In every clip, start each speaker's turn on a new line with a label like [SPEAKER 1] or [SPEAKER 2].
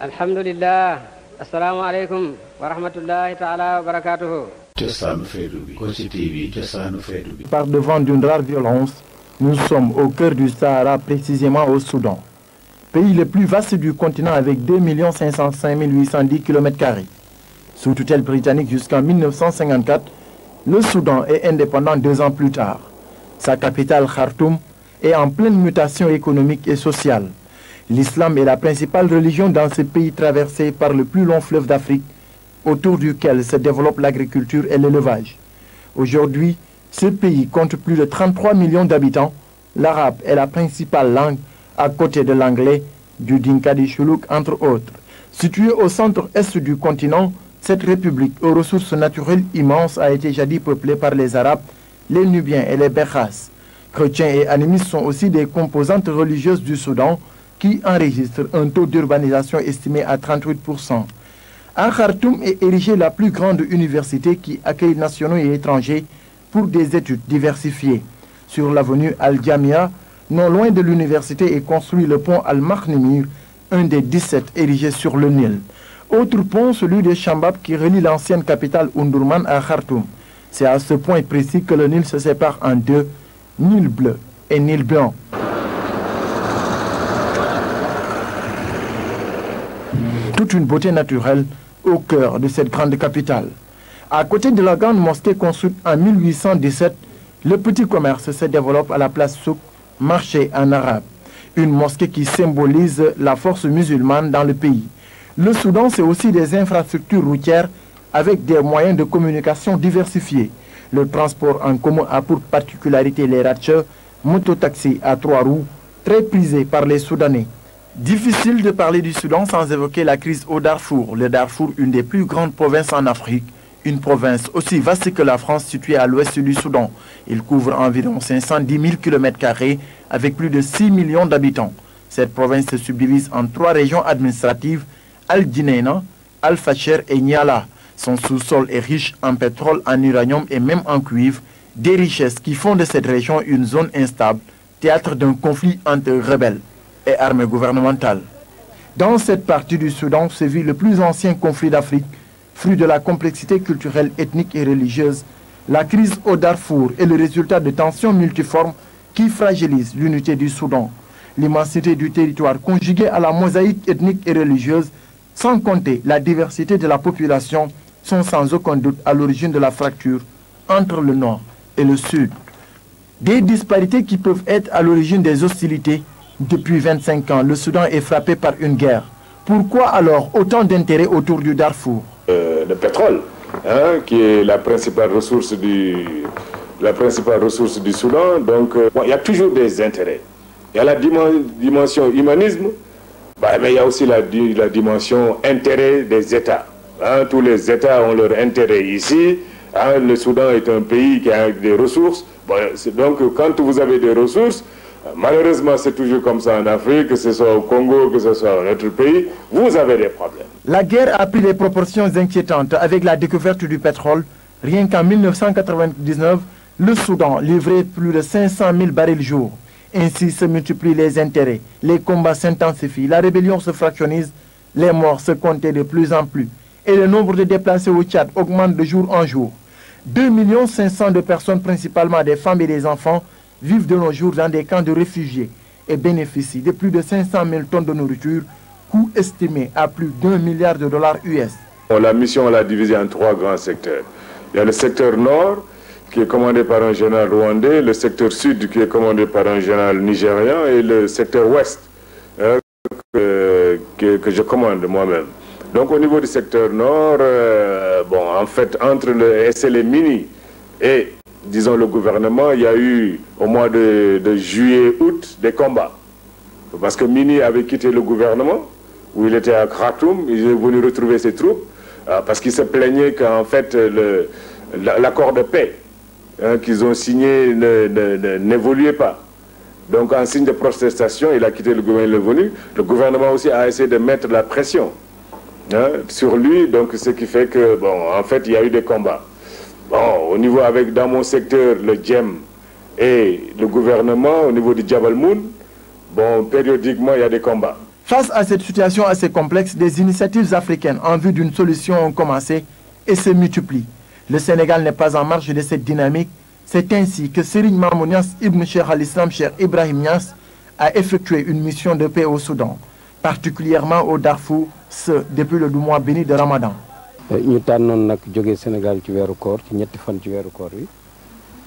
[SPEAKER 1] alhamdulillah alaikum, wa rahmatullahi taala wa barakatuhu.
[SPEAKER 2] par devant d'une rare violence nous sommes au cœur du Sahara précisément au Soudan pays le plus vaste du continent avec 2 505 810 km sous tutelle britannique jusqu'en 1954 le Soudan est indépendant deux ans plus tard sa capitale Khartoum est en pleine mutation économique et sociale L'islam est la principale religion dans ce pays traversé par le plus long fleuve d'Afrique, autour duquel se développe l'agriculture et l'élevage. Aujourd'hui, ce pays compte plus de 33 millions d'habitants. L'arabe est la principale langue, à côté de l'anglais, du Dinka du Choulouk, entre autres. Située au centre-est du continent, cette république aux ressources naturelles immenses a été jadis peuplée par les Arabes, les Nubiens et les Berhas. Chrétiens et animistes sont aussi des composantes religieuses du Soudan, qui enregistre un taux d'urbanisation estimé à 38%. À Khartoum est érigée la plus grande université qui accueille nationaux et étrangers pour des études diversifiées. Sur l'avenue al djamia non loin de l'université, est construit le pont Al-Mahnimir, un des 17 érigés sur le Nil. Autre pont, celui de Shambab, qui relie l'ancienne capitale Undurman à Khartoum. C'est à ce point précis que le Nil se sépare en deux, Nil bleu et Nil blanc. une beauté naturelle au cœur de cette grande capitale. À côté de la grande mosquée construite en 1817, le petit commerce se développe à la place souk, marché en arabe. Une mosquée qui symbolise la force musulmane dans le pays. Le Soudan, c'est aussi des infrastructures routières avec des moyens de communication diversifiés. Le transport en commun a pour particularité les ratcheurs, mototaxis à trois roues, très prisés par les Soudanais. Difficile de parler du Soudan sans évoquer la crise au Darfour. Le Darfour, une des plus grandes provinces en Afrique, une province aussi vaste que la France située à l'ouest du Soudan. Il couvre environ 510 000 km avec plus de 6 millions d'habitants. Cette province se subdivise en trois régions administratives, al Dineina, Al-Facher et Niala. Son sous-sol est riche en pétrole, en uranium et même en cuivre, des richesses qui font de cette région une zone instable, théâtre d'un conflit entre rebelles et armée gouvernementale. Dans cette partie du Soudan se vit le plus ancien conflit d'Afrique, fruit de la complexité culturelle, ethnique et religieuse. La crise au Darfour est le résultat de tensions multiformes qui fragilisent l'unité du Soudan. L'immensité du territoire conjuguée à la mosaïque ethnique et religieuse, sans compter la diversité de la population, sont sans aucun doute à l'origine de la fracture entre le Nord et le Sud. Des disparités qui peuvent être à l'origine des hostilités depuis 25 ans, le Soudan est frappé par une guerre. Pourquoi alors autant d'intérêts autour du Darfour
[SPEAKER 3] euh, Le pétrole, hein, qui est la principale ressource du, la principale ressource du Soudan. Donc, euh, il y a toujours des intérêts. Il y a la dimension humanisme, bah, mais il y a aussi la, la dimension intérêt des États. Hein, tous les États ont leur intérêt ici. Hein, le Soudan est un pays qui a des ressources. donc, quand vous avez des ressources, Malheureusement, c'est toujours comme ça en Afrique, que ce soit au Congo, que ce soit dans notre pays, vous avez des problèmes.
[SPEAKER 2] La guerre a pris des proportions inquiétantes avec la découverte du pétrole. Rien qu'en 1999, le Soudan livrait plus de 500 000 barils jour. Ainsi se multiplient les intérêts, les combats s'intensifient, la rébellion se fractionnise, les morts se comptaient de plus en plus et le nombre de déplacés au Tchad augmente de jour en jour. 2 500 de personnes, principalement des femmes et des enfants, vivent de nos jours dans des camps de réfugiés et bénéficient de plus de 500 000 tonnes de nourriture, coût estimé à plus d'un milliard de dollars US.
[SPEAKER 3] La mission, l'a divisée en trois grands secteurs. Il y a le secteur nord, qui est commandé par un général rwandais, le secteur sud, qui est commandé par un général nigérian, et le secteur ouest, euh, que, je commande moi-même. Donc au niveau du secteur nord, euh, bon, en fait, entre le SLM et disons, le gouvernement, il y a eu au mois de, juillet-août des combats. Parce que Mini avait quitté le gouvernement, où il était à Khartoum, il est venu retrouver ses troupes, euh, parce qu'il se plaignait qu'en fait, l'accord de paix hein, qu'ils ont signé n'évoluait pas. Donc, en signe de protestation, il a quitté le gouvernement, il est venu. Le gouvernement aussi a essayé de mettre la pression hein, sur lui, donc ce qui fait que, bon, en fait, il y a eu des combats. Bon, au niveau avec, dans mon secteur, le Djem et le gouvernement, au niveau du Jabal Moon, bon, périodiquement, il y a des combats.
[SPEAKER 2] Face à cette situation assez complexe, des initiatives africaines en vue d'une solution ont commencé et se multiplient. Le Sénégal n'est pas en marge de cette dynamique. C'est ainsi que Sérine Mamounias Ibn Cheikh al-Islam Cheikh Ibrahim Nias a effectué une mission de paix au Soudan, particulièrement au Darfour, ce depuis le mois béni de Ramadan.
[SPEAKER 4] ñu tànnoon nag jóge Sénégal ci weeru koor ci ñetti fan ci weeru koor yi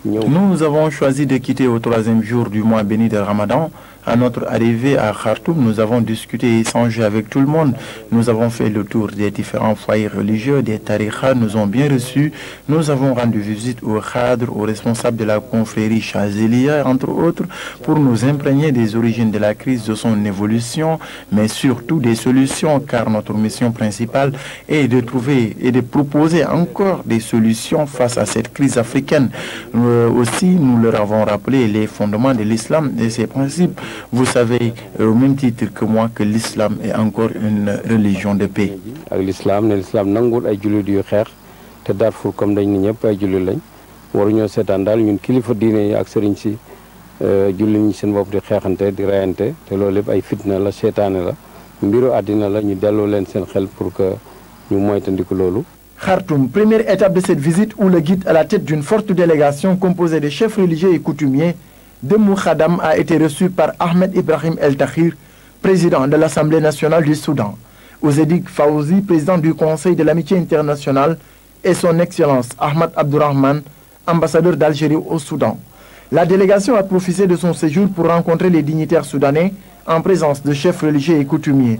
[SPEAKER 4] Nous
[SPEAKER 2] avons choisi de quitter au troisième jour du mois béni de Ramadan. À notre arrivée à Khartoum, nous avons discuté et échangé avec tout le monde. Nous avons fait le tour des différents foyers religieux, des tarikhas nous ont bien reçus. Nous avons rendu visite au cadre, aux responsables de la confrérie Chazelia, entre autres, pour nous imprégner des origines de la crise, de son évolution, mais surtout des solutions, car notre mission principale est de trouver et de proposer encore des solutions face à cette crise africaine. Euh, euh, aussi, nous leur avons rappelé les fondements de l'islam et ses principes. Vous savez, euh, au même titre que moi, que l'islam est encore une religion de paix.
[SPEAKER 4] L'islam, l'islam te Darfour comme dañ ni ñëpp ay julu lañ waruñoo seetaan daal ñun kilifa dine yi ak sëriñ si euh, julli de seen bopp di xeexante di rayante te loolu lépp ay fitna la seetaane la mbiru adina la ñu delloo l'en s'en xel pour que ñu moytandiku loolu
[SPEAKER 2] Khartoum, première étape de cette visite où le guide à la tête d'une forte délégation composée de chefs religieux et coutumiers de Moukhadam a été reçu par Ahmed Ibrahim El Tahir, président de l'Assemblée nationale du Soudan, Ouzedik Fawzi, président du Conseil de l'amitié internationale, et son Excellence Ahmed Abdurrahman, ambassadeur d'Algérie au Soudan. La délégation a profité de son séjour pour rencontrer les dignitaires soudanais en présence de chefs religieux et coutumiers.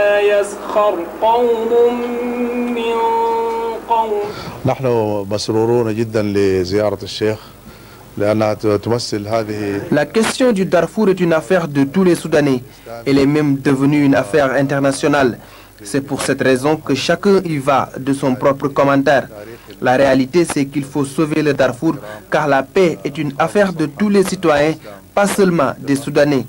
[SPEAKER 5] La
[SPEAKER 6] question du Darfour est une affaire de tous les Soudanais. Elle est même devenue une affaire internationale. C'est pour cette raison que chacun y va de son propre commentaire. La réalité, c'est qu'il faut sauver le Darfour, car la paix est une affaire de tous les citoyens, pas seulement des Soudanais.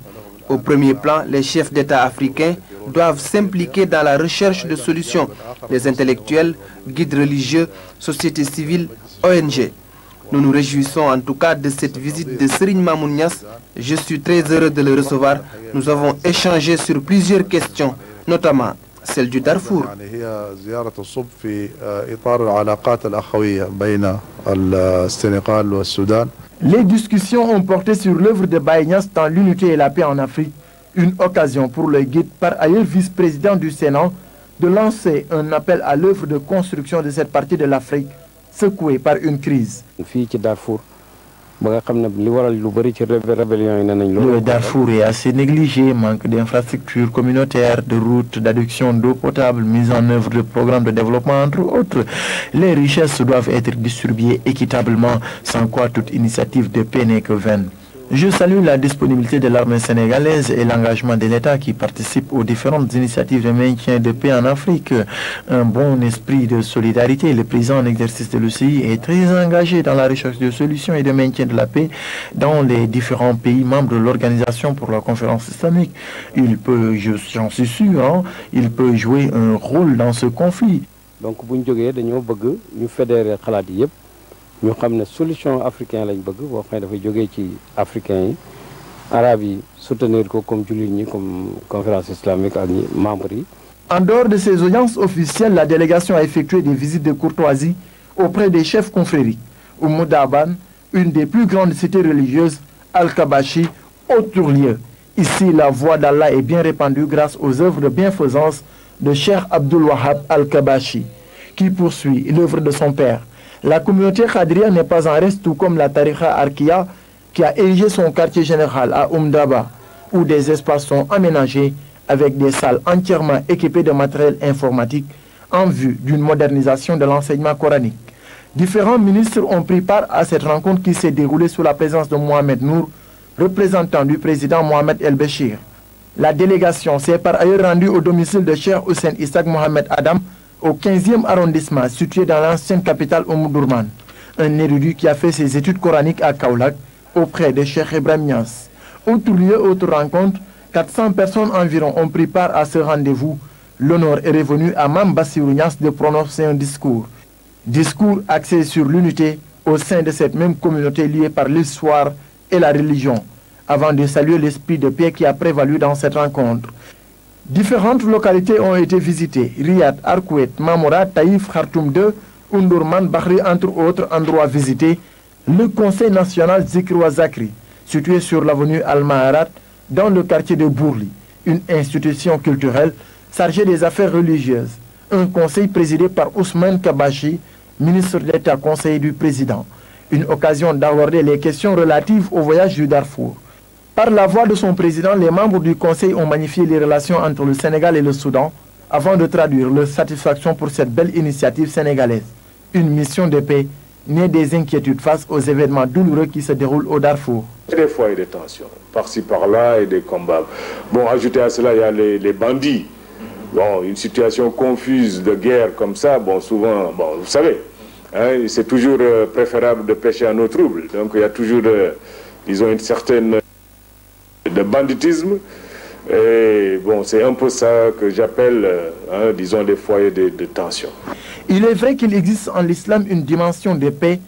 [SPEAKER 6] Au premier plan, les chefs d'État africains doivent s'impliquer dans la recherche de solutions. Les intellectuels, guides religieux, sociétés civiles, ONG. Nous nous réjouissons en tout cas de cette visite de Serine Mamounias. Je suis très heureux de le recevoir. Nous avons échangé sur plusieurs questions, notamment celle du Darfour.
[SPEAKER 2] Les discussions ont porté sur l'œuvre de Baïnias dans l'unité et la paix en Afrique. Une occasion pour le guide, par ailleurs vice-président du Sénat, de lancer un appel à l'œuvre de construction de cette partie de l'Afrique secouée par une crise le Darfour est assez négligé manque d'infrastructures communautaires de routes d'adduction d'eau potable mise en œuvre de programmes de développement entre autres les richesses doivent être distribuées équitablement sans quoi toute initiative de paix n'est que je salue la disponibilité de l'armée sénégalaise et l'engagement de l'État qui participe aux différentes initiatives de maintien de paix en Afrique. Un bon esprit de solidarité. Le président en exercice de l'UCI est très engagé dans la recherche de solutions et de maintien de la paix dans les différents pays membres de l'Organisation pour la conférence islamique. Il peut, j'en suis sûr, hein, il peut jouer un rôle dans ce conflit.
[SPEAKER 4] Donc, nous fédérer nous avons une solution africaine, soutenir comme conférence islamique En dehors de ces audiences officielles, la délégation a effectué
[SPEAKER 2] des visites de courtoisie auprès des chefs Au Moudaban, une des plus grandes cités religieuses, Al-Kabashi, autour lieu. Ici, la voix d'Allah est bien répandue grâce aux œuvres de bienfaisance de Cheikh Abdul Wahab Al-Kabashi, qui poursuit l'œuvre de son père, la communauté Khadria n'est pas en reste, tout comme la Tariqa Arkia, qui a érigé son quartier général à Oumdaba, où des espaces sont aménagés avec des salles entièrement équipées de matériel informatique en vue d'une modernisation de l'enseignement coranique. Différents ministres ont pris part à cette rencontre qui s'est déroulée sous la présence de Mohamed Nour, représentant du président Mohamed El Béchir. La délégation s'est par ailleurs rendue au domicile de Cheikh Hussein Isaac Mohamed Adam, au 15e arrondissement situé dans l'ancienne capitale Omoudourman, un érudit qui a fait ses études coraniques à Kaulak auprès des Cheikh Ibrahim Yans. Autre lieu, autre rencontre, 400 personnes environ ont pris part à ce rendez-vous. L'honneur est revenu à Mambassirou Niasse de prononcer un discours. Discours axé sur l'unité au sein de cette même communauté liée par l'histoire et la religion, avant de saluer l'esprit de paix qui a prévalu dans cette rencontre. Différentes localités ont été visitées, Riyad, Arkouet, Mamora, Taïf, Khartoum 2, Undourman, Bahri, entre autres endroits visités. Le Conseil national Zikroa Zakri, situé sur l'avenue Al-Maharat, dans le quartier de Bourli, une institution culturelle chargée des affaires religieuses. Un conseil présidé par Ousmane Kabachi, ministre d'État conseiller du président. Une occasion d'aborder les questions relatives au voyage du Darfour. Par la voix de son président, les membres du Conseil ont magnifié les relations entre le Sénégal et le Soudan avant de traduire leur satisfaction pour cette belle initiative sénégalaise. Une mission de paix née des inquiétudes face aux événements douloureux qui se déroulent au Darfour.
[SPEAKER 3] Des fois, il y a des tensions, par-ci, par-là, et des combats. Bon, ajouté à cela, il y a les, bandits. Bon, une situation confuse de guerre comme ça, bon, souvent, bon, vous savez, hein, c'est toujours euh, préférable de pêcher à nos troubles. Donc, il y a toujours, euh, ils ont une certaine de banditisme. Et bon, c'est un peu ça que j'appelle, euh, hein, disons, des foyers de, tension. Il
[SPEAKER 2] est vrai qu'il existe en l'islam une dimension de paix,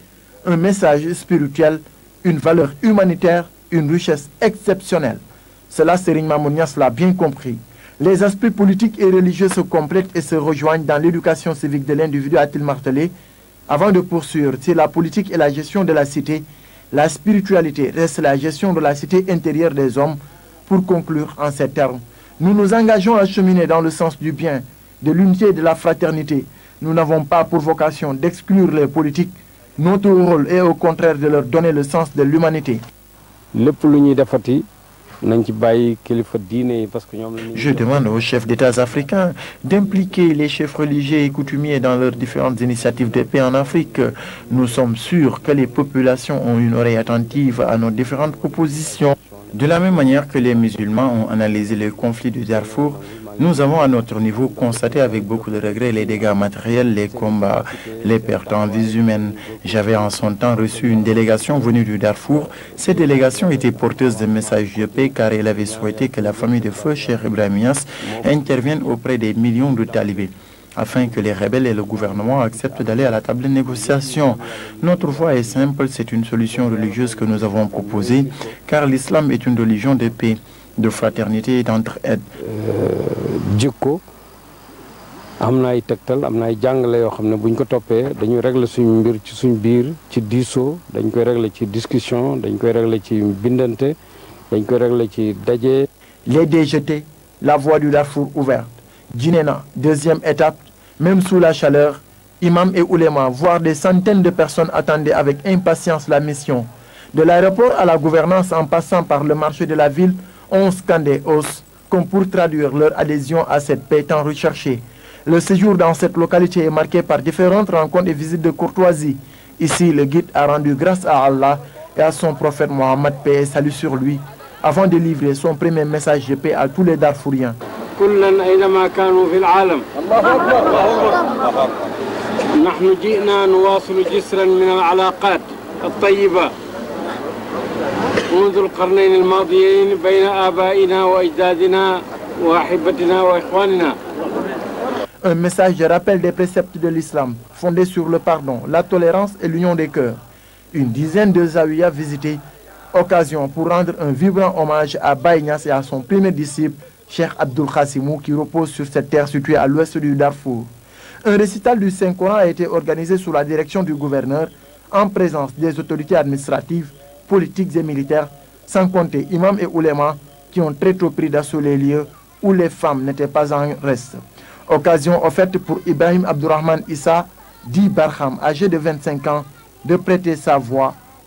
[SPEAKER 2] un message spirituel, une valeur humanitaire, une richesse exceptionnelle. Cela, Sering Mamounias l'a bien compris. Les aspects politiques et religieux se complètent et se rejoignent dans l'éducation civique de l'individu, a-t-il martelé, avant de poursuivre c'est la politique et la gestion de la cité la spiritualité reste la gestion de la cité intérieure des hommes. Pour conclure en ces termes, nous nous engageons à cheminer dans le sens du bien, de l'unité et de la fraternité. Nous n'avons pas pour vocation d'exclure les politiques. Notre rôle est au contraire de leur donner le sens de l'humanité.
[SPEAKER 4] Le plus je
[SPEAKER 2] demande aux chefs d'État africains d'impliquer les chefs religieux et coutumiers dans leurs différentes initiatives de paix en Afrique. Nous sommes sûrs que les populations ont une oreille attentive à nos différentes propositions. De la même manière que les musulmans ont analysé le conflit du Darfour, nous avons à notre niveau constaté avec beaucoup de regrets les dégâts matériels, les combats, les pertes en vies humaines. J'avais en son temps reçu une délégation venue du Darfour. Cette délégation était porteuse de messages de paix car elle avait souhaité que la famille de feu, cher Ibrahimias, intervienne auprès des millions de talibés afin que les rebelles et le gouvernement acceptent d'aller à la table de négociation. Notre voie est simple, c'est une solution religieuse que nous avons proposée, car l'islam est une religion de paix, de fraternité et d'entraide.
[SPEAKER 4] Euh, les DGT,
[SPEAKER 2] la voie du Darfour ouverte. Djinena deuxième étape même sous la chaleur, imams et oulémas, voire des centaines de personnes attendaient avec impatience la mission. De l'aéroport à la gouvernance en passant par le marché de la ville, on scandait os comme pour traduire leur adhésion à cette paix tant recherchée. Le séjour dans cette localité est marqué par différentes rencontres et visites de courtoisie. Ici, le guide a rendu grâce à Allah et à son prophète Mohammed, paix salut sur lui, avant de livrer son premier message de paix à tous les Darfouriens. Un message de rappel des préceptes de l'islam, fondé sur le pardon, la tolérance et l'union des cœurs. Une dizaine de zawiyas visités, occasion pour rendre un vibrant hommage à Baïnias et à son premier disciple, Cheikh Abdul Khassimou, qui repose sur cette terre située à l'ouest du Darfour. Un récital du Saint-Coran a été organisé sous la direction du gouverneur, en présence des autorités administratives, politiques et militaires, sans compter imams et oulémas qui ont très tôt pris d'assaut les lieux où les femmes n'étaient pas en reste. Occasion offerte pour Ibrahim Abdurrahman Issa, dit Barham, âgé de 25 ans, de prêter sa voix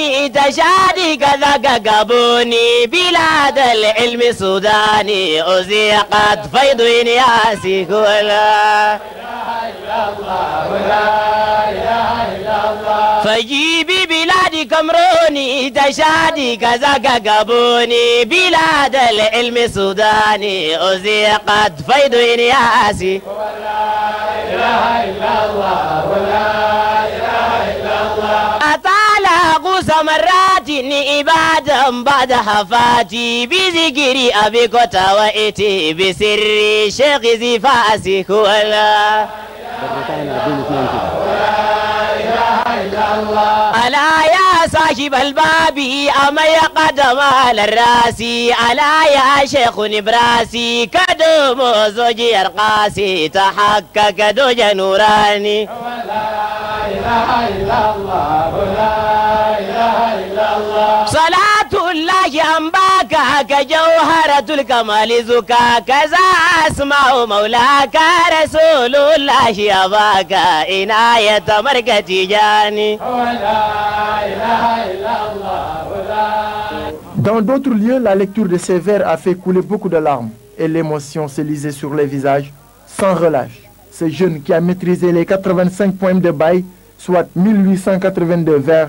[SPEAKER 7] سوداني تشادي كذاك قبوني بلاد العلم سوداني أزيقت فيض ياسي كلها فجيبي بلادي كمروني تشادي كذاك قبوني بلاد العلم سوداني أزيقت فيض ياسي لا
[SPEAKER 1] إله إلا الله ولا إله إلا الله
[SPEAKER 7] على غوزة مرات إني إبادا بعد حفاتي بذكري abikota wa iti bisiri شيخ zifasi kuala ألا يا صاحب الباب أما يا قدم على الراس ألا يا شيخ نبراسي كدوم زوجي القاسي تحقق دوج نوراني
[SPEAKER 1] لا إله إلا الله لا إله إلا
[SPEAKER 2] Dans d'autres lieux, la lecture de ces vers a fait couler beaucoup de larmes et l'émotion se lisait sur les visages sans relâche. Ce jeune qui a maîtrisé les 85 poèmes de Baye, soit 1882 vers,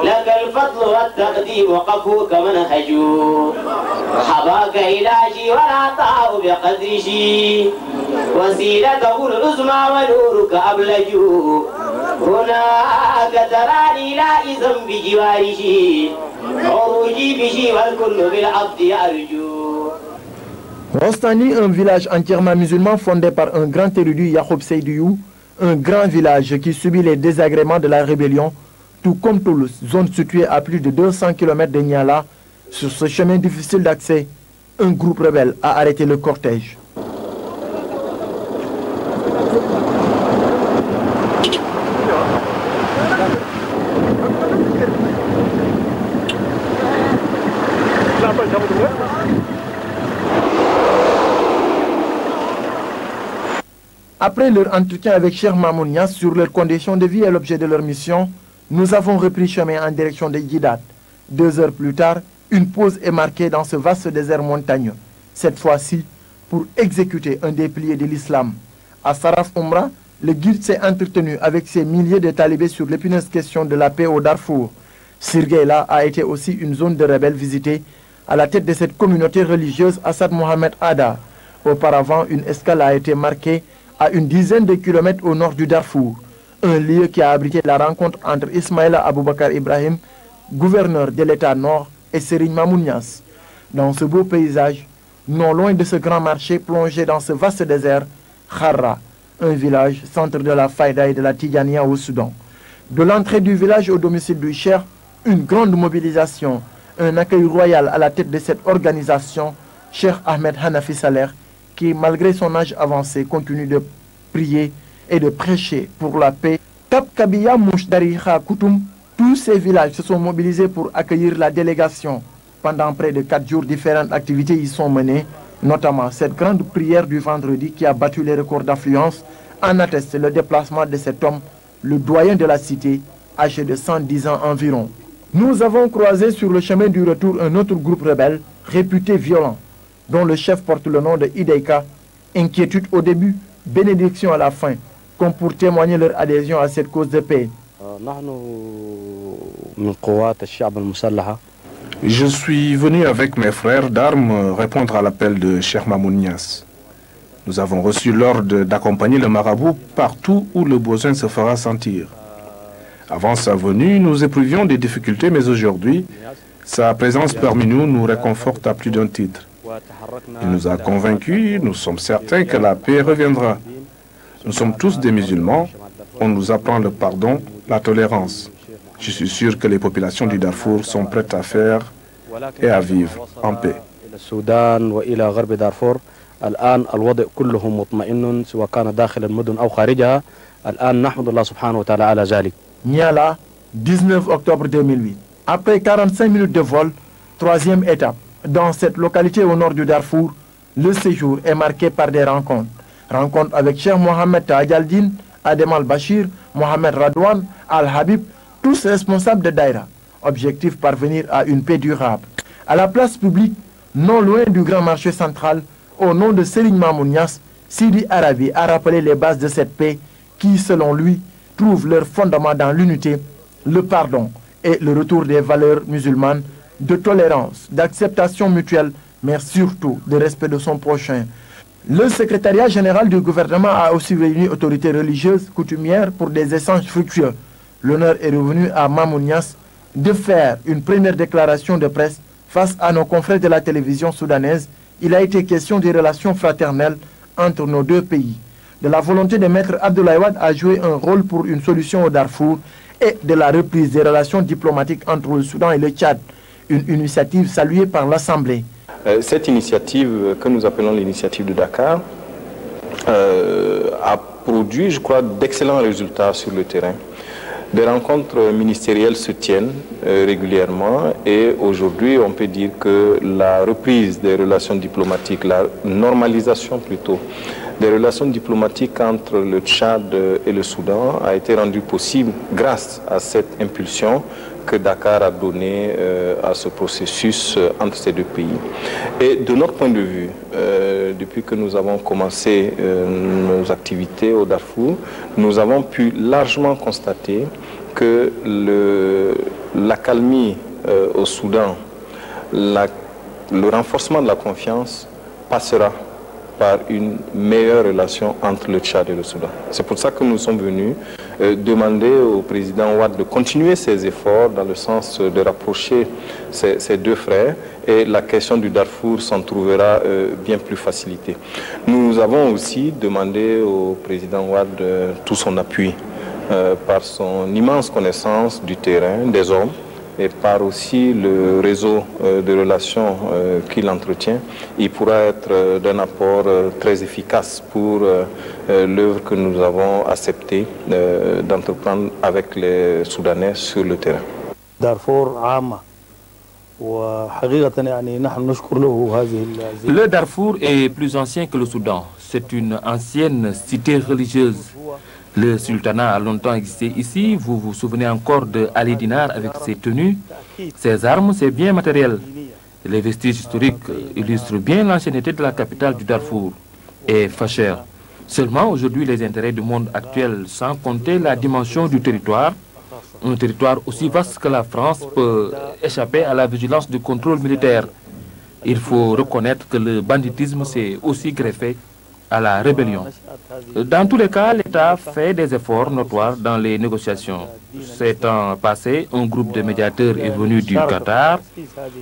[SPEAKER 7] لك الفضل والتقديم وقفوك منهج حباك إلهي والعطاء بقدره وسيلته العزمى ونورك أبلج هناك تراني لائزا بجواره عروجي به والكل بالعبد يرجو
[SPEAKER 2] Rostani, un village entièrement musulman fondé par un grand érudit Yahoub Seydiou, un grand village qui subit les désagréments de la rébellion tout comme Toulouse, les zone située à plus de 200 km de Niala, sur ce chemin difficile d'accès, un groupe rebelle a arrêté le cortège. Après leur entretien avec Cher Mamounia sur leurs conditions de vie et l'objet de leur mission, nous avons repris chemin en direction de Gidat. Deux heures plus tard, une pause est marquée dans ce vaste désert montagneux. Cette fois-ci, pour exécuter un déplié de l'islam. À Saraf Omra, le guide s'est entretenu avec ses milliers de talibés sur l'épineuse question de la paix au Darfour. Sirgeila a été aussi une zone de rebelles visitée à la tête de cette communauté religieuse Assad Mohamed Ada. Auparavant, une escale a été marquée à une dizaine de kilomètres au nord du Darfour un lieu qui a abrité la rencontre entre Ismaïla Aboubakar Ibrahim, gouverneur de l'État Nord, et Serigne Mamounias. Dans ce beau paysage, non loin de ce grand marché plongé dans ce vaste désert, Khara, un village, centre de la Faïda et de la tigania au Soudan. De l'entrée du village au domicile du Cher, une grande mobilisation, un accueil royal à la tête de cette organisation, Cher Ahmed Hanafi Saler, qui, malgré son âge avancé, continue de prier et de prêcher pour la paix. Kabiya Mouchdariha tous ces villages se sont mobilisés pour accueillir la délégation. Pendant près de quatre jours, différentes activités y sont menées, notamment cette grande prière du vendredi qui a battu les records d'affluence. En atteste le déplacement de cet homme, le doyen de la cité, âgé de 110 ans environ. Nous avons croisé sur le chemin du retour un autre groupe rebelle, réputé violent, dont le chef porte le nom de Ideika. Inquiétude au début, bénédiction à la fin pour témoigner leur adhésion à cette cause de paix.
[SPEAKER 5] Euh, Je suis venu avec mes frères d'armes euh, répondre à l'appel de Cheikh Mamounias. Nous avons reçu l'ordre d'accompagner le marabout partout où le besoin se fera sentir. Avant sa venue, nous éprouvions des difficultés, mais aujourd'hui, sa présence parmi nous nous réconforte à plus d'un titre. Il nous a convaincus, nous sommes certains que la paix reviendra. Nous sommes tous des musulmans. On nous apprend le pardon, la tolérance. Je suis sûr que les populations du Darfour sont prêtes à faire et à vivre en paix.
[SPEAKER 2] Niala, 19 octobre 2008. Après 45 minutes de vol, troisième étape. Dans cette localité au nord du Darfour, le séjour est marqué par des rencontres. Rencontre avec Cheikh Mohamed Tajaldin, Adem Al-Bashir, Mohamed Radouane, Al-Habib, tous responsables de Daïra. Objectif parvenir à une paix durable. À la place publique, non loin du grand marché central, au nom de Selim Mamounias, Sidi Arabi a rappelé les bases de cette paix qui, selon lui, trouvent leur fondement dans l'unité, le pardon et le retour des valeurs musulmanes de tolérance, d'acceptation mutuelle, mais surtout de respect de son prochain, le secrétariat général du gouvernement a aussi réuni autorités religieuses coutumières pour des échanges fructueux. L'honneur est revenu à Mamounias de faire une première déclaration de presse face à nos confrères de la télévision soudanaise. Il a été question des relations fraternelles entre nos deux pays, de la volonté de Maître Abdoulaye à jouer un rôle pour une solution au Darfour et de la reprise des relations diplomatiques entre le Soudan et le Tchad, une initiative saluée par l'Assemblée.
[SPEAKER 8] Euh, cette initiative que nous appelons l'initiative de Dakar euh, a produit, je crois, d'excellents résultats sur le terrain. Des rencontres ministérielles se tiennent euh, régulièrement et aujourd'hui, on peut dire que la reprise des relations diplomatiques, la normalisation plutôt, des relations diplomatiques entre le Tchad et le Soudan a été rendue possible grâce à cette impulsion que Dakar a donné euh, à ce processus euh, entre ces deux pays. Et de notre point de vue, euh, depuis que nous avons commencé nos activités au Darfour, nous avons pu largement constater que l'accalmie au Soudan, le renforcement de la confiance passera par une meilleure relation entre le Tchad et le Soudan. C'est pour ça que nous sommes venus euh, demander au président Ouad de continuer ses efforts dans le sens de rapprocher ses, deux frères et la question du Darfour s'en trouvera euh, bien plus facilitée. Nous avons aussi demandé au président Ouad euh, tout son appui par son immense connaissance du terrain, des hommes, et par aussi le réseau euh, de relations euh, qu'il entretient, il pourra être euh, d'un apport très efficace pour l'œuvre que nous avons accepté d'entreprendre avec les Soudanais sur le terrain.
[SPEAKER 4] Le
[SPEAKER 8] Darfour est plus ancien que le Soudan. C'est
[SPEAKER 9] une ancienne cité religieuse. Le sultanat a longtemps existé ici. Vous vous souvenez encore de Ali Dinar avec ses tenues, ses armes, ses biens matériels. Les vestiges historiques illustrent bien l'ancienneté de la capitale du Darfour et Fasher. Seulement aujourd'hui, les intérêts du monde actuel, sans compter la dimension du territoire, un territoire aussi vaste que la France peut échapper à la vigilance du contrôle militaire. Il faut reconnaître que le banditisme s'est aussi greffé à la rébellion. Dans tous les cas, l'État fait des efforts notoires dans les négociations. c'est temps passé un groupe de médiateurs est venu du Qatar.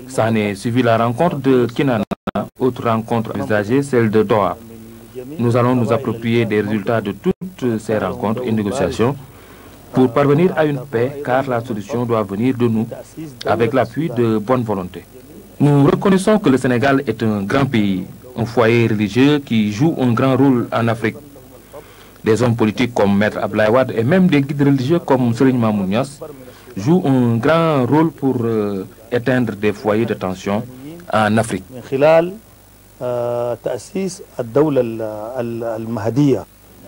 [SPEAKER 9] Ça est suivi la rencontre de Kinana, autre rencontre envisagée, celle de Doha. Nous allons nous approprier des résultats de toutes ces rencontres et négociations pour parvenir à une paix, car la solution doit venir de nous, avec l'appui de bonne volonté. Nous reconnaissons que le Sénégal est un grand pays un foyer religieux qui joue un grand rôle en Afrique. Des hommes politiques comme Maître Ablaïwad et même des guides religieux comme Serigne Mamounias jouent un grand rôle pour euh, éteindre des foyers de tension en Afrique.
[SPEAKER 2] Euh,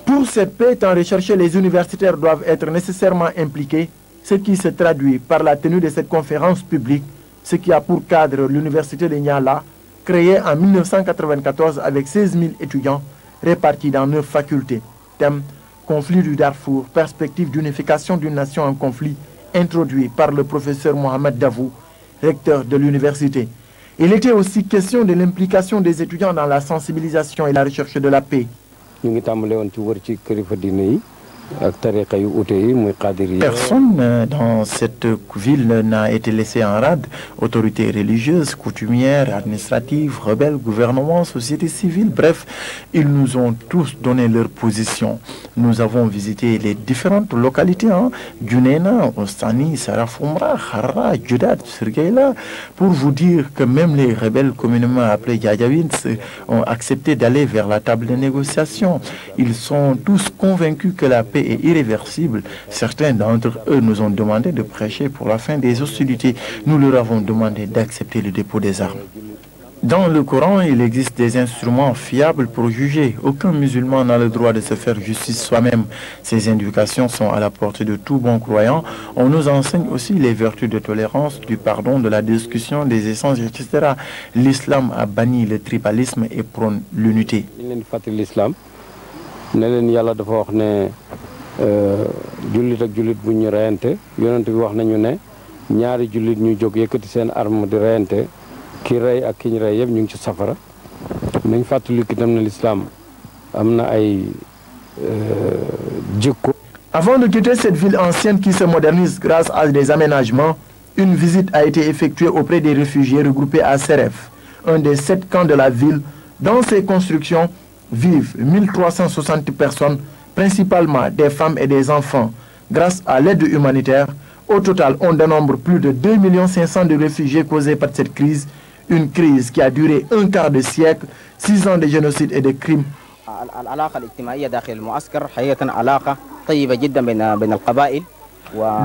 [SPEAKER 2] pour ces pays en recherchée, les universitaires doivent être nécessairement impliqués, ce qui se traduit par la tenue de cette conférence publique, ce qui a pour cadre l'université de Niala, créé en 1994 avec 16 000 étudiants répartis dans neuf facultés. Thème Conflit du Darfour, perspective d'unification d'une nation en conflit, introduit par le professeur Mohamed Davou, recteur de l'université. Il était aussi question de l'implication des étudiants dans la sensibilisation et la recherche de la paix. Personne euh, dans cette ville n'a été laissé en rade. Autorités religieuses, coutumières, administratives, rebelles, gouvernements, société civile, bref, ils nous ont tous donné leur position. Nous avons visité les différentes localités, hein, Ostani, Sarafumra, Harra, Judad, Sergeila, pour vous dire que même les rebelles communément appelés Yadjavins euh, ont accepté d'aller vers la table de négociation. Ils sont tous convaincus que la paix et irréversible. Certains d'entre eux nous ont demandé de prêcher pour la fin des hostilités. Nous leur avons demandé d'accepter le dépôt des armes. Dans le Coran, il existe des instruments fiables pour juger. Aucun musulman n'a le droit de se faire justice soi-même. Ces indications sont à la portée de tout bon croyant. On nous enseigne aussi les vertus de tolérance, du pardon, de la discussion, des essences, etc. L'islam a banni le tribalisme et prône l'unité.
[SPEAKER 4] Avant de quitter cette ville ancienne qui
[SPEAKER 2] se modernise grâce à des aménagements, une visite a été effectuée auprès des réfugiés regroupés à Seref, un des sept camps de la ville. Dans ces constructions vivent 1360 personnes principalement des femmes et des enfants, grâce à l'aide humanitaire. Au total, on dénombre plus de 2 500 de réfugiés causés par cette crise, une crise qui a duré un quart de siècle, six ans de génocide et de crimes.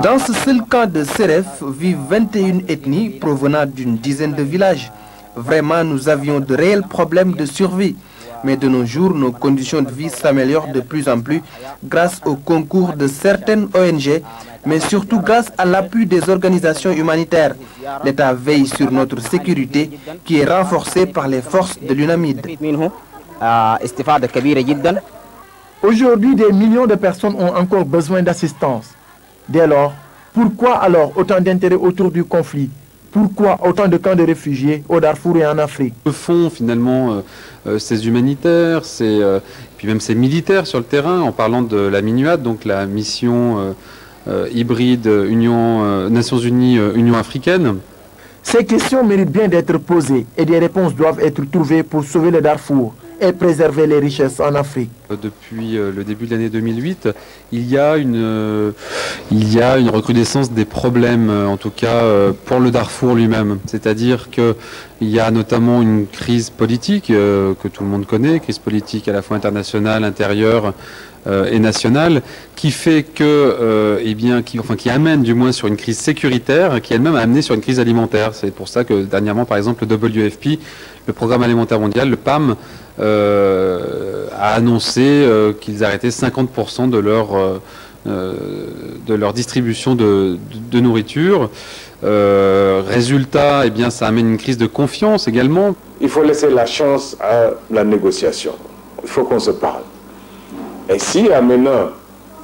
[SPEAKER 6] Dans ce seul camp de Seref vivent 21 ethnies provenant d'une dizaine de villages. Vraiment, nous avions de réels problèmes de survie. Mais de nos jours, nos conditions de vie s'améliorent de plus en plus grâce au concours de certaines ONG, mais surtout grâce à l'appui des organisations humanitaires. L'État veille sur notre sécurité qui est renforcée par les forces de l'UNAMID.
[SPEAKER 2] Aujourd'hui, des millions de personnes ont encore besoin d'assistance. Dès lors, pourquoi alors autant d'intérêt autour du conflit pourquoi autant de camps de réfugiés
[SPEAKER 10] au Darfour et en Afrique Que font finalement euh, euh, ces humanitaires, euh, puis même ces militaires sur le terrain En parlant de la MINUAD, donc la mission hybride Union, Nations Unies Union africaine.
[SPEAKER 2] Ces questions méritent bien d'être posées et des réponses doivent être trouvées pour sauver le Darfour et préserver les richesses en
[SPEAKER 10] Afrique. Depuis euh, le début de l'année 2008, euh, il y, a une, recrudescence des problèmes, euh, en tout cas pour le Darfour lui-même. C'est-à-dire qu'il y a notamment une crise politique que tout le monde connaît, crise politique à la fois internationale, intérieure, et nationale, qui fait que, eh bien, qui, enfin, qui amène du moins sur une crise sécuritaire, qui elle-même a amené sur une crise alimentaire. C'est pour ça que dernièrement, par exemple, le WFP, le Programme alimentaire mondial, le PAM, euh, a annoncé euh, qu'ils arrêtaient 50% de leur, euh, de leur distribution de, de, nourriture. résultat, et eh bien, ça amène une crise de confiance également.
[SPEAKER 3] Il faut laisser la chance à la négociation. Il faut qu'on se parle. Et a maintenant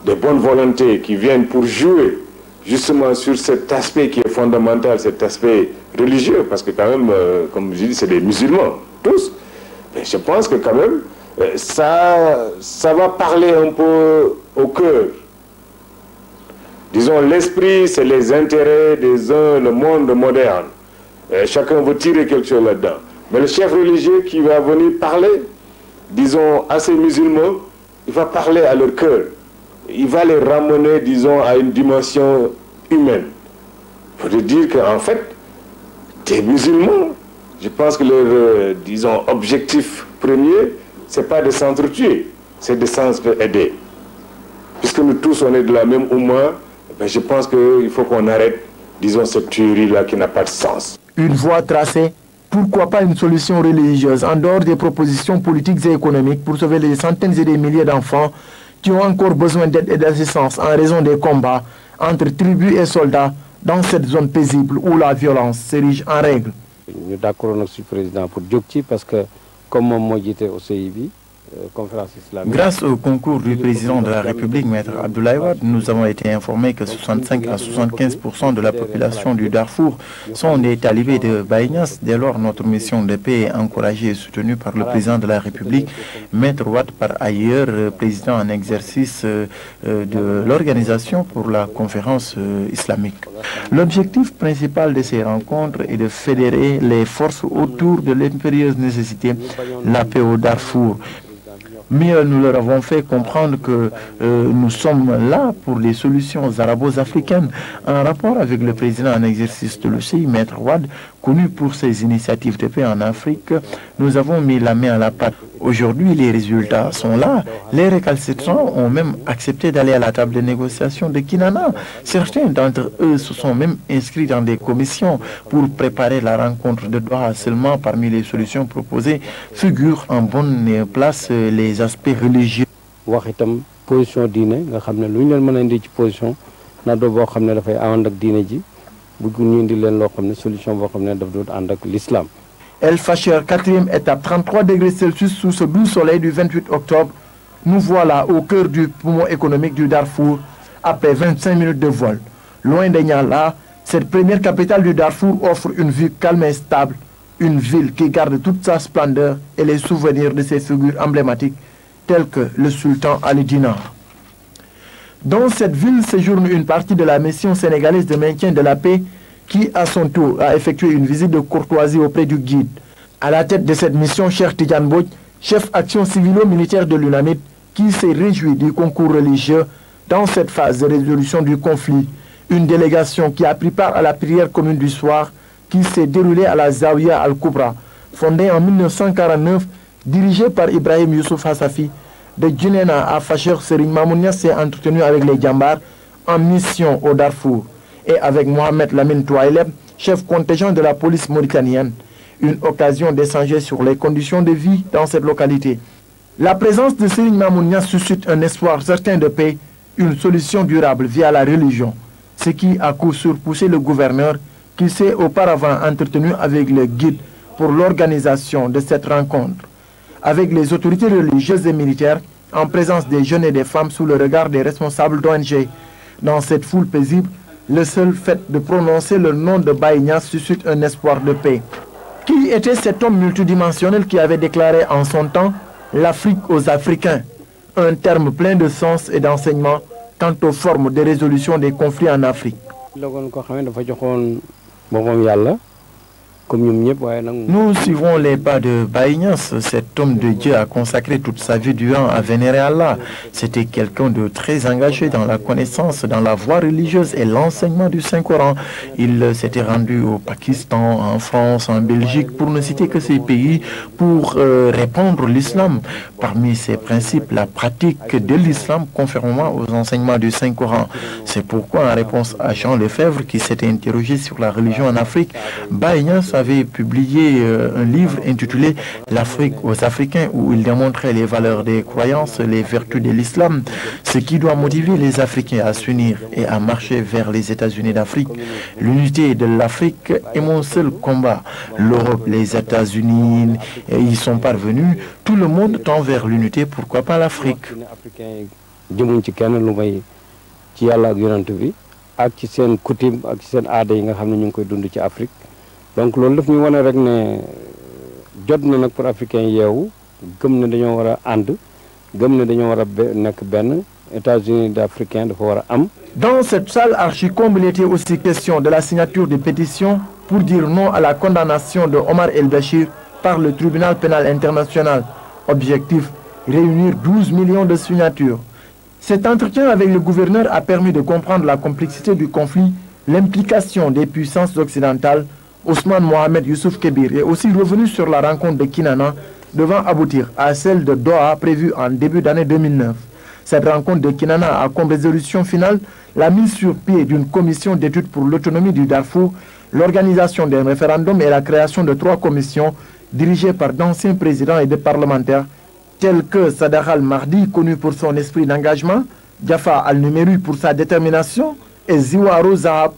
[SPEAKER 3] des bonnes volontés qui viennent pour jouer justement sur cet aspect qui est fondamental, cet aspect religieux, parce que quand même, comme je dis, c'est des musulmans, tous je pense que quand même, euh, ça, ça va parler un peu au cœur. Disons, l'esprit, c'est les intérêts des uns, le monde moderne. chacun veut tirer quelque chose là-dedans. Mais le chef religieux qui va venir parler, disons, à ces musulmans, il va parler à leur cœur. Il va les ramener, disons, à une dimension humaine. Pour faut dire qu'en fait, des musulmans, je pense que leur, euh, disons, objectif premier, ce n'est pas de s'entretuer, c'est de aider. Puisque nous tous, on est de la même humeur, ben, je pense qu'il faut qu'on arrête, disons, cette tuerie-là qui n'a pas de sens.
[SPEAKER 2] Une voie tracée, pourquoi pas une solution religieuse en dehors des propositions politiques et économiques pour sauver les centaines et des milliers d'enfants qui ont encore besoin d'aide et d'assistance en raison des combats entre tribus et soldats dans cette zone paisible où la violence s'érige en règle.
[SPEAKER 6] ñu
[SPEAKER 4] d'accord nag si président pour jóg ci parce que comme moom moo jiite OCI bi Euh, Grâce au concours du président de la République,
[SPEAKER 2] Maître Abdoulaye Watt, nous avons été informés que 65 à 75 de la population du Darfour sont des talibés de Baïnas. Dès lors, notre mission de paix est encouragée et soutenue par le président de la République, Maître Watt, par ailleurs euh, président en exercice euh, de l'Organisation pour la conférence islamique. L'objectif principal de ces rencontres est de fédérer les forces autour de l'impérieuse nécessité la paix au Darfour mais euh, nous leur avons fait comprendre que euh, nous sommes là pour les solutions arabo-africaines. En rapport avec le président en exercice de l'OCI, Maître Wad. Connu pour ses initiatives de paix en Afrique, nous avons mis la main à la pâte. Aujourd'hui, les résultats sont là. Les récalcitrants ont même accepté d'aller à la table de négociation de Kinana. Certains d'entre eux se sont même inscrits dans des commissions pour préparer la rencontre de Doha. Seulement, parmi les solutions proposées, figurent en bonne place les aspects
[SPEAKER 4] religieux. position l'islam
[SPEAKER 2] El Fasher, quatrième étape, 33 degrés Celsius sous ce doux soleil du 28 octobre. Nous voilà au cœur du poumon économique du Darfour après 25 minutes de vol. Loin de cette première capitale du Darfour offre une vue calme et stable, une ville qui garde toute sa splendeur et les souvenirs de ses figures emblématiques telles que le sultan Ali Dinar. Dans cette ville séjourne une partie de la mission sénégalaise de maintien de la paix qui, à son tour, a effectué une visite de courtoisie auprès du guide. À la tête de cette mission, cher Tidjan chef action civilo-militaire de l'UNAMID, qui s'est réjoui du concours religieux dans cette phase de résolution du conflit. Une délégation qui a pris part à la prière commune du soir qui s'est déroulée à la Zawiya Al-Kubra, fondée en 1949, dirigée par Ibrahim Youssouf Hassafi, de Djinéna à Facher Sering Mamounia s'est entretenu avec les Djambars en mission au Darfour et avec Mohamed Lamine Touaileb, chef contingent de la police mauritanienne. Une occasion d'échanger sur les conditions de vie dans cette localité. La présence de Sering Mamounia suscite un espoir certain de paix, une solution durable via la religion, ce qui a coup surpoussé poussé le gouverneur qui s'est auparavant entretenu avec le guide pour l'organisation de cette rencontre avec les autorités religieuses et militaires en présence des jeunes et des femmes sous le regard des responsables d'ONG. Dans cette foule paisible, le seul fait de prononcer le nom de Baïna suscite un espoir de paix. Qui était cet homme multidimensionnel qui avait déclaré en son temps l'Afrique aux Africains Un terme plein de sens et d'enseignement quant aux formes de résolution des conflits en
[SPEAKER 4] Afrique. Nous
[SPEAKER 2] suivons les pas de Baïnias. Cet homme de Dieu a consacré toute sa vie durant à vénérer Allah. C'était quelqu'un de très engagé dans la connaissance, dans la voie religieuse et l'enseignement du Saint-Coran. Il s'était rendu au Pakistan, en France, en Belgique, pour ne citer que ces pays, pour euh, répandre l'islam. Parmi ses principes, la pratique de l'islam conformément aux enseignements du Saint-Coran. C'est pourquoi, en réponse à Jean Lefebvre, qui s'était interrogé sur la religion en Afrique, Baïnias a avait publié euh, un livre intitulé L'Afrique aux Africains où il démontrait les valeurs des croyances, les vertus de l'islam, ce qui doit motiver les Africains à s'unir et à marcher vers les États-Unis d'Afrique. L'unité de l'Afrique est mon seul combat. L'Europe, les États-Unis ils sont parvenus. Tout le monde tend vers l'unité. Pourquoi pas
[SPEAKER 4] l'Afrique donc États-Unis am. Dans cette salle archi
[SPEAKER 2] il était aussi question de la signature de pétitions pour dire non à la condamnation de Omar El-Bashir par le tribunal pénal international. Objectif, réunir 12 millions de signatures. Cet entretien avec le gouverneur a permis de comprendre la complexité du conflit, l'implication des puissances occidentales Ousmane Mohamed Youssouf Kebir est aussi revenu sur la rencontre de Kinana devant aboutir à celle de Doha prévue en début d'année 2009. Cette rencontre de Kinana a comme résolution finale la mise sur pied d'une commission d'études pour l'autonomie du Darfour, l'organisation d'un référendum et la création de trois commissions dirigées par d'anciens présidents et des parlementaires tels que Sadar al-Mahdi, connu pour son esprit d'engagement, Jaffa al-Numeru pour sa détermination et Ziwa Rosa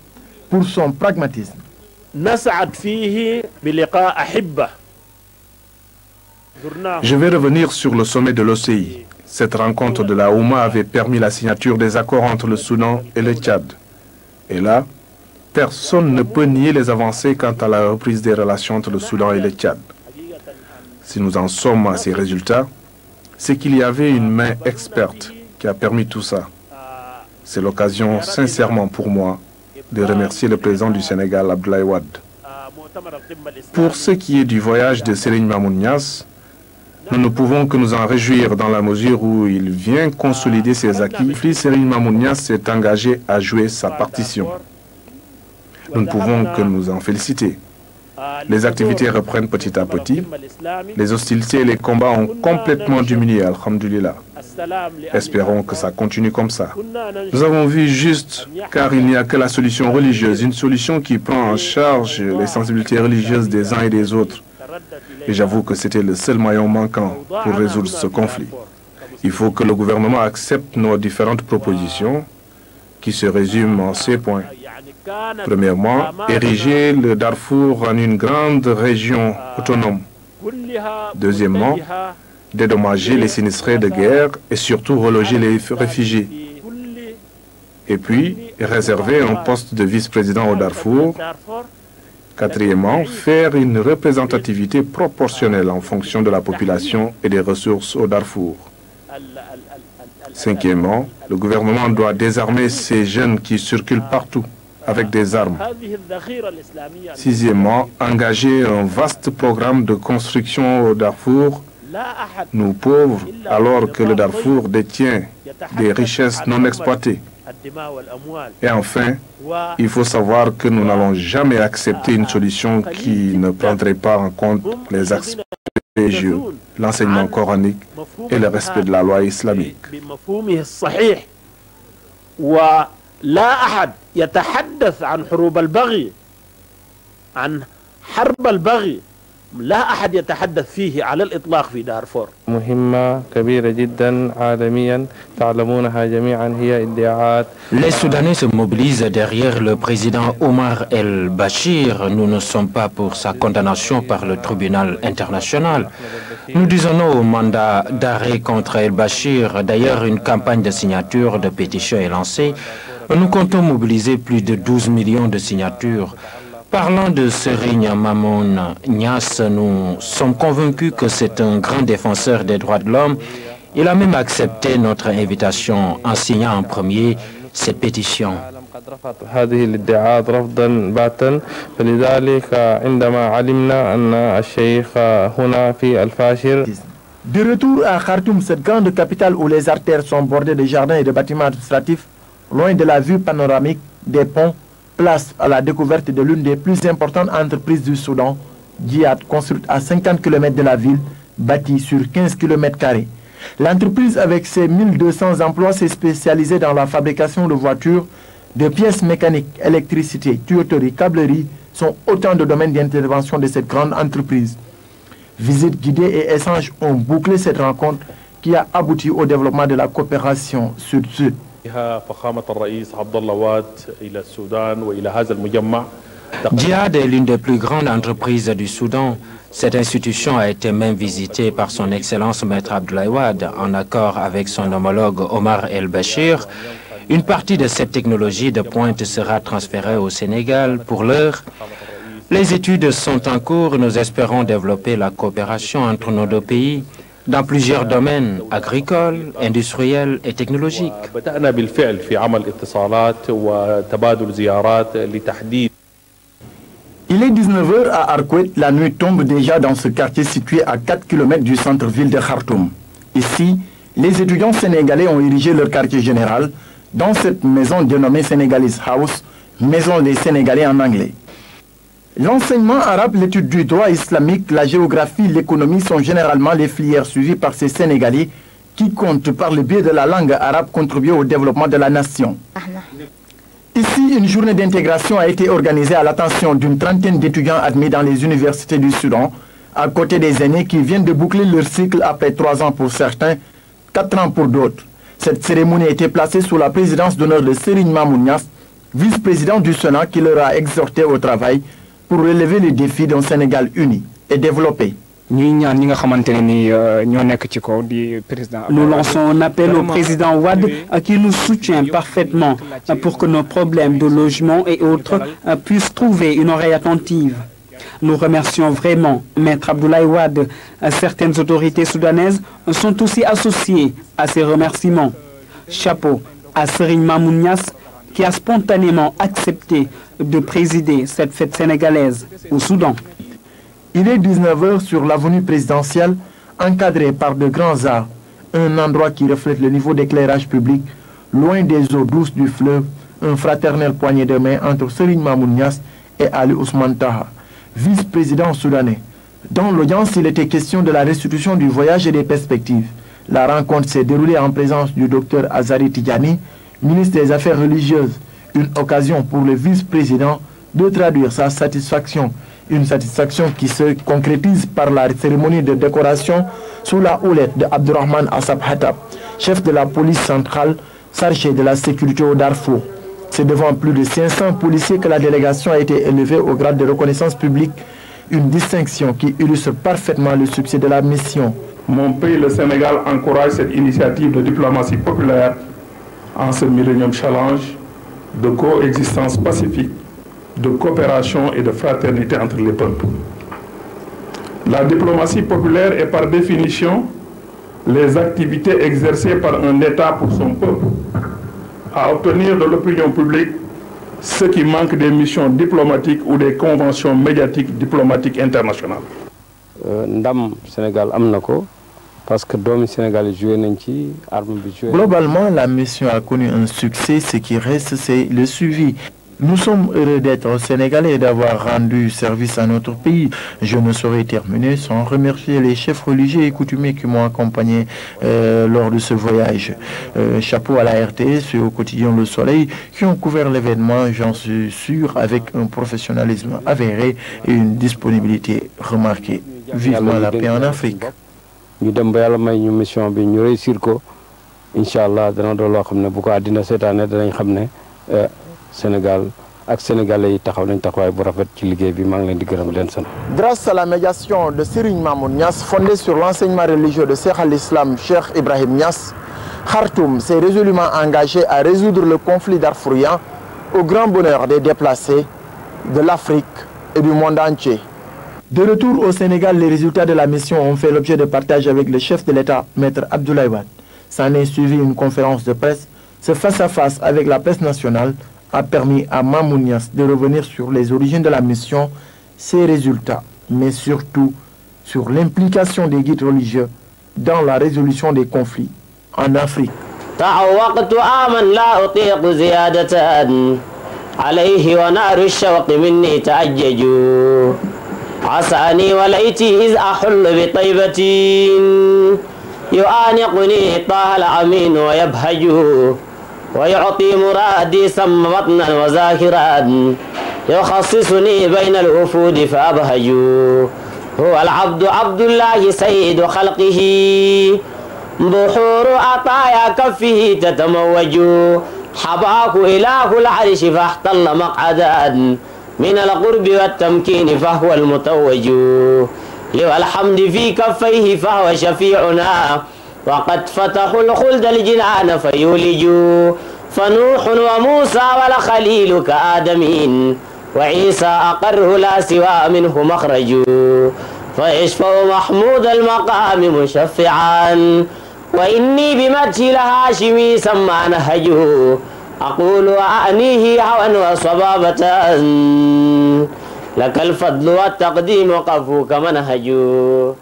[SPEAKER 2] pour son pragmatisme.
[SPEAKER 3] Je
[SPEAKER 5] vais revenir sur le sommet de l'OCI. Cette rencontre de la OUMA avait permis la signature des accords entre le Soudan et le Tchad. Et là, personne ne peut nier les avancées quant à la reprise des relations entre le Soudan et le Tchad. Si nous en sommes à ces résultats, c'est qu'il y avait une main experte qui a permis tout ça. C'est l'occasion, sincèrement pour moi, de remercier le président du Sénégal, Abdoulaye Wade. Pour ce qui est du voyage de Serigne Mamounias, nous ne pouvons que nous en réjouir dans la mesure où il vient consolider ses acquis. Serigne Mamounias s'est engagé à jouer sa partition. Nous ne pouvons que nous en féliciter. Les activités reprennent petit à petit. Les hostilités et les combats ont complètement diminué, Alhamdulillah. Espérons que ça continue comme ça. Nous avons vu juste, car il n'y a que la solution religieuse, une solution qui prend en charge les sensibilités religieuses des uns et des autres. Et j'avoue que c'était le seul moyen manquant pour résoudre ce conflit. Il faut que le gouvernement accepte nos différentes propositions qui se résument en ces points. Premièrement, ériger le Darfour en une grande région ah. autonome. Deuxièmement, dédommager les sinistrés de guerre et surtout reloger les réfugiés. Et puis, réserver un poste de vice-président au Darfour. Quatrièmement, faire une représentativité proportionnelle en fonction de la population et des ressources au Darfour. Cinquièmement, le gouvernement doit désarmer ces jeunes qui circulent partout avec des armes. Sixièmement, engager un vaste programme de construction au Darfour nous pauvres, alors que le Darfour détient des richesses non exploitées. Et enfin, il faut savoir que nous n'allons jamais accepter une solution qui ne prendrait pas en compte les aspects religieux, l'enseignement coranique et le respect de la loi islamique.
[SPEAKER 9] Les
[SPEAKER 4] Soudanais
[SPEAKER 11] se mobilisent derrière le président Omar el-Bashir. Nous ne sommes pas pour sa condamnation par le tribunal international. Nous disons non au mandat d'arrêt contre el-Bashir. D'ailleurs, une campagne de signatures de pétition est lancée. Nous comptons mobiliser plus de 12 millions de signatures. Parlant de Serigne Mamoun Nias, nous sommes convaincus que c'est un grand défenseur des droits de l'homme. Il a même accepté notre invitation en signant en premier cette pétition.
[SPEAKER 2] De retour à Khartoum, cette grande capitale où les artères sont bordées de jardins et de bâtiments administratifs, loin de la vue panoramique des ponts place à la découverte de l'une des plus importantes entreprises du Soudan, Djihad, construite à 50 km de la ville, bâtie sur 15 km. L'entreprise, avec ses 1200 emplois, s'est spécialisée dans la fabrication de voitures, de pièces mécaniques, électricité, tuyauterie, câblerie, sont autant de domaines d'intervention de cette grande entreprise. Visite guidée et échange ont bouclé cette rencontre qui a abouti au développement de la coopération sud-sud.
[SPEAKER 11] Djihad est l'une des plus grandes entreprises du Soudan. Cette institution a été même visitée par son Excellence Maître Abdoulaye Wade en accord avec son homologue Omar El-Bashir. Une partie de cette technologie de pointe sera transférée au Sénégal pour l'heure. Les études sont en cours. Nous espérons développer la coopération entre nos deux pays dans plusieurs domaines agricoles, industriels et technologiques.
[SPEAKER 2] Il est 19h à Arquet, la nuit tombe déjà dans ce quartier situé à 4 km du centre-ville de Khartoum. Ici, les étudiants sénégalais ont érigé leur quartier général dans cette maison dénommée Senegalese House, maison des Sénégalais en anglais. L'enseignement arabe, l'étude du droit islamique, la géographie, l'économie sont généralement les filières suivies par ces Sénégalais qui comptent par le biais de la langue arabe contribuer au développement de la nation. Ici, une journée d'intégration a été organisée à l'attention d'une trentaine d'étudiants admis dans les universités du Soudan, à côté des aînés qui viennent de boucler leur cycle après trois ans pour certains, quatre ans pour d'autres. Cette cérémonie a été placée sous la présidence d'honneur de Sérine Mamounias, vice-président du Sénat qui leur a exhorté au travail pour relever les défis d'un Sénégal uni
[SPEAKER 4] et développé. Euh, nous lançons un appel au président Ouad euh, qui
[SPEAKER 9] nous soutient parfaitement euh, pour que nos
[SPEAKER 4] problèmes de
[SPEAKER 9] logement et autres puissent trouver une oreille attentive. Nous remercions vraiment Maître Abdoulaye Ouad. Certaines autorités soudanaises sont aussi associées à ces remerciements. Chapeau à Serine Mamounias qui a spontanément
[SPEAKER 2] accepté de présider cette fête sénégalaise au Soudan. Il est 19h sur l'avenue présidentielle, encadrée par de grands arbres, un endroit qui reflète le niveau d'éclairage public, loin des eaux douces du fleuve, un fraternel poignet de main entre Serigne Mamounias et Ali Ousmane Taha, vice-président soudanais. Dans l'audience, il était question de la restitution du voyage et des perspectives. La rencontre s'est déroulée en présence du docteur Azari Tidjani, ministre des Affaires religieuses, une occasion pour le vice-président de traduire sa satisfaction. Une satisfaction qui se concrétise par la cérémonie de décoration sous la houlette de Abdurrahman asab chef de la police centrale chargé de la sécurité au Darfour. C'est devant plus de 500 policiers que la délégation a été élevée au grade de reconnaissance publique, une distinction qui illustre parfaitement le succès de la mission.
[SPEAKER 3] Mon pays, le Sénégal, encourage cette initiative de diplomatie populaire en ce Millennium Challenge de coexistence pacifique, de coopération et de fraternité entre les peuples. La diplomatie populaire est par définition les activités exercées par un État pour son peuple à obtenir de l'opinion publique ce qui manque des missions diplomatiques ou des conventions médiatiques diplomatiques internationales.
[SPEAKER 4] Euh, ndam Sénégal Amnako, parce que domi Sénégalais joué nañ ci bi globalement
[SPEAKER 2] la mission a connu un succès ce qui reste c'est le suivi. Nous sommes heureux d'être Sénégalais et d'avoir rendu service à notre pays. Je ne saurais terminer sans remercier les chefs religieux et coutumiers qui m'ont accompagné euh, lors de ce voyage. Euh, chapeau à la RTS et au quotidien Le Soleil qui ont couvert l'événement, j'en suis sûr, avec un professionnalisme avéré et une disponibilité remarquée. Vivement la paix en
[SPEAKER 4] Afrique ñu dem ba yàlla may ñu mission bi ñu réussir ko incha allah dana doon loo xam ne bu ko àddina seetaane danañ xam ne eh, Sénégal ak sénégalais yi taxaw nañ taxawaay bu rafet ci liggéey bi maa ngi leen di gërëm leen sant. Grâce à la médiation
[SPEAKER 2] de Serigne Mamoun Niass fondée sur l'enseignement religieux de Cheikh al-Islam Cheikh Ibrahim Niass Khartoum s'est résolument engagé à résoudre le conflit darfourien au grand bonheur des déplacés de l'Afrique et du monde entier. De retour au Sénégal, les résultats de la mission ont fait l'objet de partage avec le chef de l'État, maître Abdoulaye Wade. S'en est suivi une conférence de presse. Ce face-à-face -face avec la presse nationale a permis à Mamounias de revenir sur les origines de la mission, ses résultats, mais surtout sur l'implication des guides religieux dans la résolution des conflits en Afrique.
[SPEAKER 1] عساني وليتي إذ أحل بطيبتي يعانقني طه الأمين ويبهجه ويعطي مرادي سم بطنا وزاهرا يخصصني بين الوفود فأبهج هو العبد عبد الله سيد خلقه بحور عطايا كفه تتموج حباك إله العرش فاحتل مقعدا من القرب والتمكين فهو المتوج الحمد في كفيه فهو شفيعنا وقد فتحوا الخلد الجنان فيولجوا فنوح وموسى والخليل كآدم وعيسى أقره لا سوى منه مخرج فيشفع محمود المقام مشفعا وإني بمجه الهاشمي سمى نهجه أقول وأعنيه عون وصبابة لك الفضل والتقديم وقفوك منهجو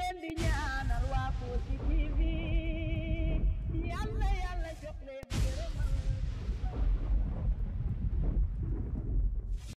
[SPEAKER 1] Lendinya.